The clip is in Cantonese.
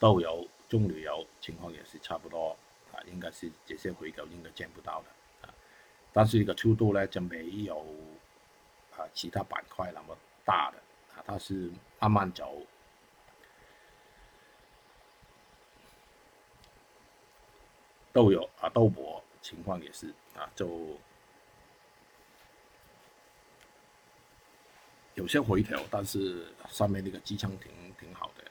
豆油，棕櫚油情況也是差不多，啊，應該是這些回調應該見不到的，啊，但是一個速度呢，就沒有啊其他板塊那麼大的，啊，它是慢慢走。豆油啊豆粕情況也是啊，就有些回調，但是上面那個支撐挺挺好的。